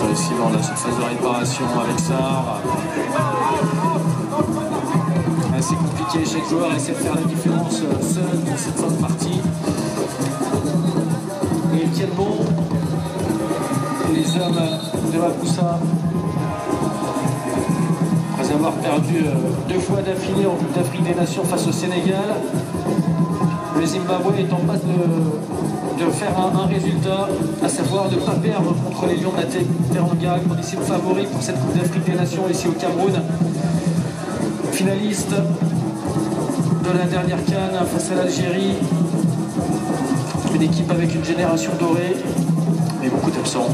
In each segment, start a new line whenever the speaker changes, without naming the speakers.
passe aussi dans la surface de réparation avec Sar. C'est compliqué, chaque joueur essaie de faire la différence euh, seul dans cette fin de partie. Et quel bon les hommes euh, de Mapoussa après avoir perdu euh, deux fois d'affilée en Coupe d'Afrique des Nations face au Sénégal Le Zimbabwe est en passe de, faire un, résultat, à savoir de pas perdre contre les Lions de Teranga, grandissime favori pour cette Coupe d'Afrique des Nations ici au Cameroun. Finaliste de la dernière canne face à l'Algérie. Une équipe avec une génération dorée, mais beaucoup d'absents.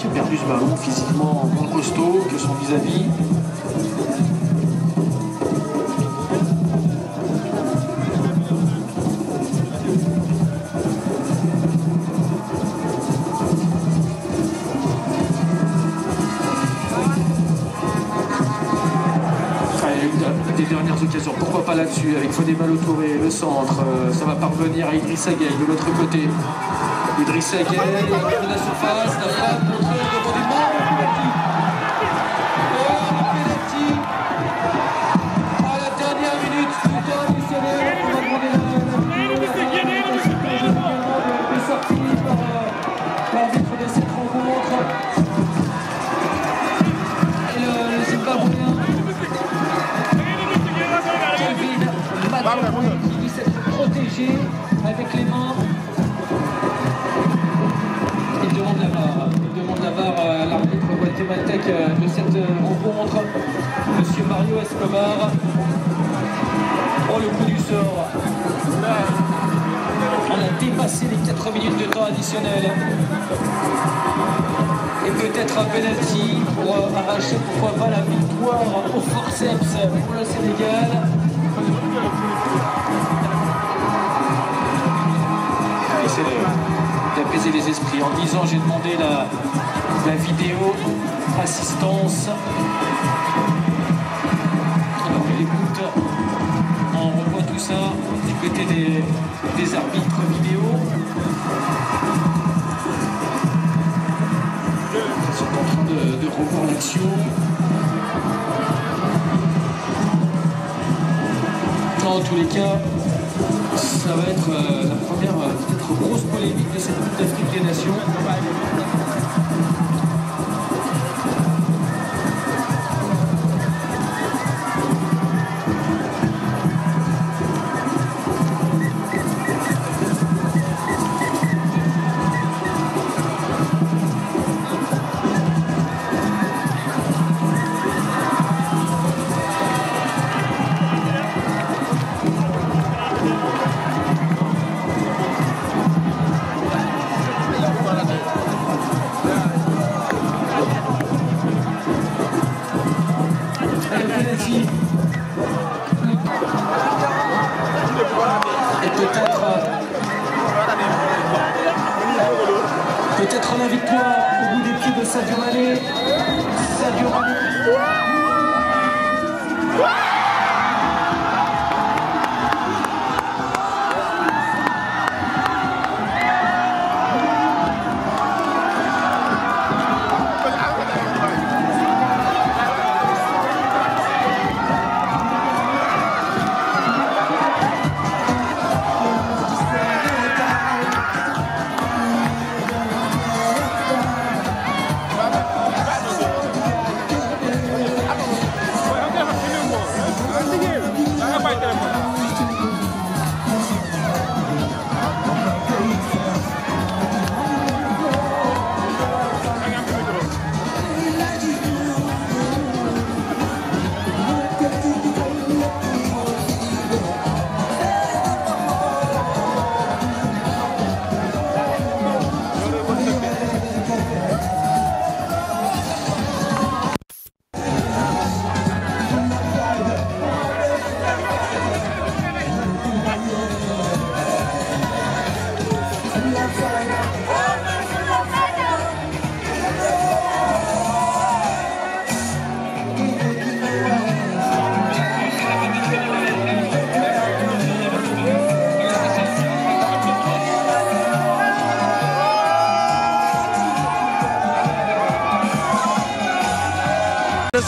qui est Berlus Balou, physiquement moins costaud que son vis-à-vis. des dernières occasions. Pourquoi pas là-dessus avec Fodé Touré, le centre. Euh, ça va parvenir à Idriss Aguel de l'autre côté. Idriss Gueye, il revient la surface, la frappe contre le rebondissement, Penalty. Oh, Penalty. À la dernière minute, tout additionnel, on a demandé la pénalité. est sorti par l'arbitre de cette rencontre. Et le Zimbabwéen, David Madeleine, qui dit s'être protégé. Euh, de cette euh, rencontre. Monsieur Mario Escobar. Oh, le coup du sort. On a dépassé les 4 minutes de temps additionnel. Et peut-être un penalty pour euh, arracher, pourquoi forceps pour le Sénégal. d'apaiser les esprits. En 10 j'ai demandé la vidéo notre assistance. Alors l'écoute, on revoit tout ça du côté des, arbitres vidéo. Ils en train de, de l'action. En tous les cas, ça va être euh, la première euh, peut-être grosse polémique de cette Coupe d'Afrique des Nations. et peut-être euh, peut-être la victoire au bout des pieds de Sadio Mané. Sadio Mané.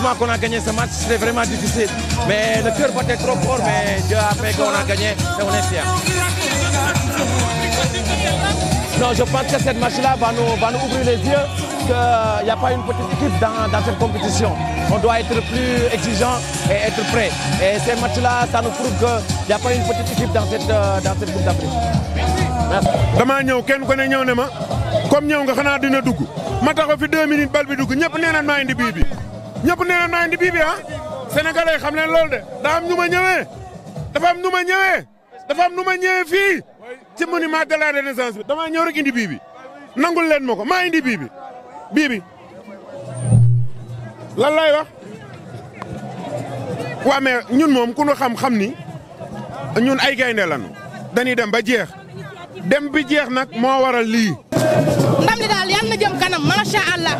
heureusement qu'on a gagné ce match, c'était vraiment difficile. Mais le cœur battait trop fort, mais Dieu a fait qu'on a gagné et on est fiers. Non, je pense que cette match-là va nous, va nous ouvrir les yeux qu'il euh, n'y a pas une petite équipe dans, dans, cette compétition. On doit être plus exigeant et être prêt. Et ces matchs-là, ça nous prouve qu'il n'y a pas une petite équipe dans cette, euh, dans cette Coupe d'Afrique. Merci. ku ne ñëw ne ma comme ñëw nga xanaa dina dugg ma taxaw deux minutes bal bi dugg ñëpp nee naa indi bii bi ah xam leen loolu de daa am ñu ma ñëwee dafa am ñu ma ñëwee dafa am ñu ma ñëwee fii ci monument de la renaissance bi damaa ñëw rek indi bii bi nangul leen ma ko maa indi bii bi bii bi lan lay wax waa mais ñun moom ku ñu xam-xam ni ñun ay gaynde lañu dañuy dem ba jeex dem bi jeex nag moo waral lii. ndam li daal yal na jëm kanam macha allah.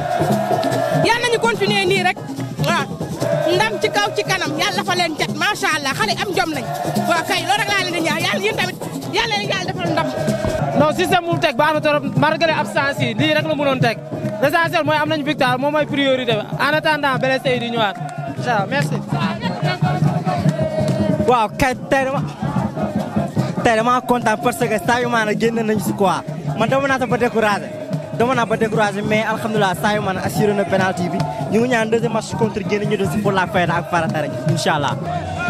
yàlla fa leen cat macha allah am jom nañ waaw kay loolu rek laa leen di ñaan yàlla yéen tamit yàlla leen yàlla defal ndam. non teg baax na trop malgré absence yi lii rek noon mënoon teg l'essentiel mooy am nañu victoire moom mooy priorité en attendant blessé yi di ñëwaat incha allah merci. waaw kay tey dama tey dama kontaan parce que saa yu nañu si quoi man dama naa ba découragé. dama ba découragé mais alhamdulilah saa yu man assuré na penalty bi ñu ngi ñaan deuxième match contre Guinée ñu def si pour la fayda ak farata rek incha